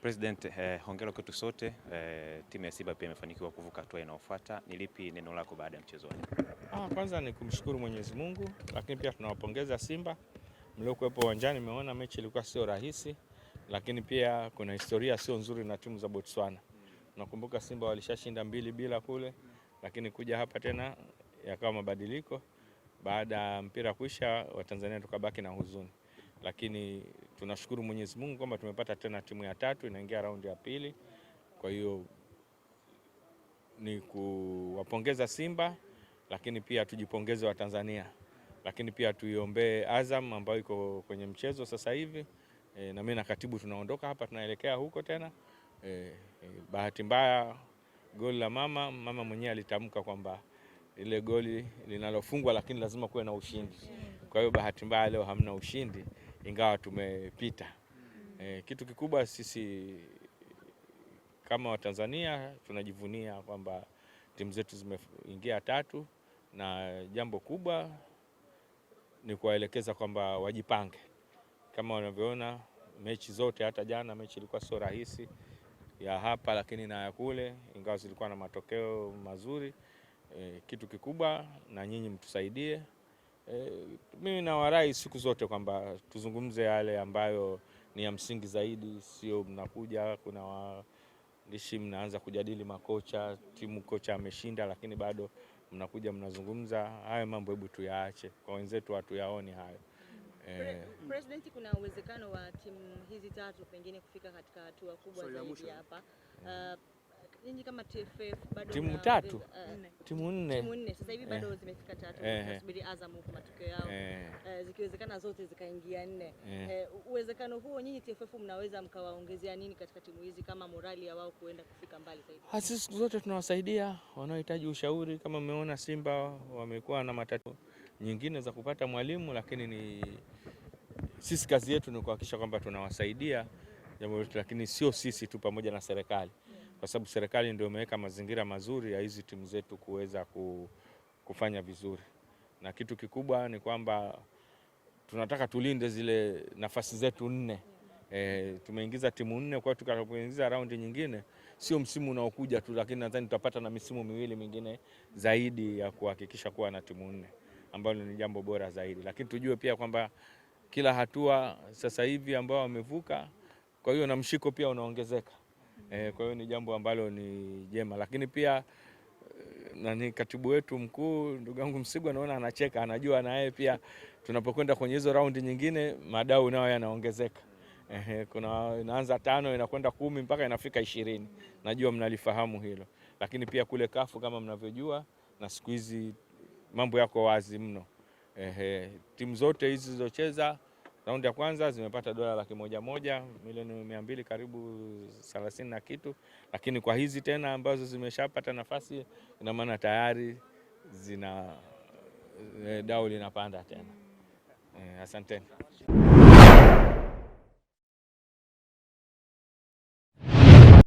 President, eh, hongera kwetu sote eh, timu ya Simba pia imefanikiwa kuvuka hatua inayofuata. Ni lipi neno lako baada ya mchezo? Ah, kwanza ni kumshukuru Mwenyezi Mungu, lakini pia tunawapongeza Simba mliokuwepo uwanjani. Nimeona mechi ilikuwa sio rahisi, lakini pia kuna historia sio nzuri na timu za Botswana. Nakumbuka Simba walishashinda mbili bila kule, lakini kuja hapa tena yakawa mabadiliko baada ya mpira kuisha, Watanzania tukabaki na huzuni lakini tunashukuru Mwenyezi Mungu kwamba tumepata tena timu ya tatu inaingia raundi ya pili. Kwa hiyo ni kuwapongeza Simba, lakini pia tujipongeze Watanzania, lakini pia tuiombee Azam ambayo iko kwenye mchezo sasa hivi e, na mimi na katibu tunaondoka hapa tunaelekea huko tena e, e, bahati mbaya goli la mama mama mwenyewe alitamka kwamba ile goli linalofungwa, lakini lazima kuwe na ushindi. Kwa hiyo bahati mbaya leo hamna ushindi ingawa tumepita. E, kitu kikubwa sisi kama Watanzania tunajivunia kwamba timu zetu zimeingia tatu, na jambo kubwa ni kuwaelekeza kwamba wajipange. Kama wanavyoona mechi zote, hata jana mechi ilikuwa sio rahisi ya hapa lakini na ya kule, ingawa zilikuwa na matokeo mazuri. E, kitu kikubwa na nyinyi mtusaidie. Eh, mimi nawarai siku zote kwamba tuzungumze yale ambayo ni ya msingi zaidi, sio mnakuja kuna waandishi mnaanza kujadili makocha, timu kocha ameshinda, lakini bado mnakuja mnazungumza hayo mambo. Hebu tuyaache kwa wenzetu, hatuyaoni hayo. Eh, President, kuna uwezekano wa timu hizi tatu pengine kufika katika hatua kubwa zaidi hapa. Uh, nyinyi kama TFF bado timu tatu uh, timu nne timu nne sasa hivi bado eh, zimefika tatu eh, nasubiri eh. Azam huko matokeo yao eh, eh, zikiwezekana zote zikaingia nne eh, eh, uwezekano huo nyinyi TFF mnaweza mkawaongezea nini katika timu hizi kama morali ya wao kuenda kufika mbali zaidi? Ah, sisi siku zote tunawasaidia wanaohitaji ushauri, kama mmeona Simba wamekuwa na matatizo nyingine za kupata mwalimu, lakini ni sisi kazi yetu ni kuhakikisha kwamba tunawasaidia jambo, lakini sio sisi tu, pamoja na serikali kwa sababu serikali ndio imeweka mazingira mazuri ya hizi timu zetu kuweza kufanya vizuri, na kitu kikubwa ni kwamba tunataka tulinde zile nafasi zetu nne. E, tumeingiza timu nne, kwa hiyo tukaingiza raundi nyingine, sio msimu unaokuja tu, lakini nadhani tutapata na misimu miwili mingine zaidi ya kuhakikisha kuwa na timu nne, ambalo ni jambo bora zaidi, lakini tujue pia kwamba kila hatua sasa hivi ambao wamevuka, kwa hiyo na mshiko pia unaongezeka. E, kwa hiyo ni jambo ambalo ni jema, lakini pia eh, nani katibu wetu mkuu ndugu yangu Msigwa naona anacheka, anajua na yeye pia tunapokwenda kwenye hizo raundi nyingine madau nayo yanaongezeka. Ehe, kuna inaanza tano inakwenda kumi mpaka inafika ishirini. Najua mnalifahamu hilo, lakini pia kule kafu kama mnavyojua, na siku hizi mambo yako wazi mno. Ehe, timu zote hizi zilizocheza Raundi ya kwanza zimepata dola laki moja moja milioni mia mbili karibu thelathini na kitu, lakini kwa hizi tena ambazo zimeshapata nafasi, ina maana tayari zina eh, dau linapanda tena. Eh, asanteni.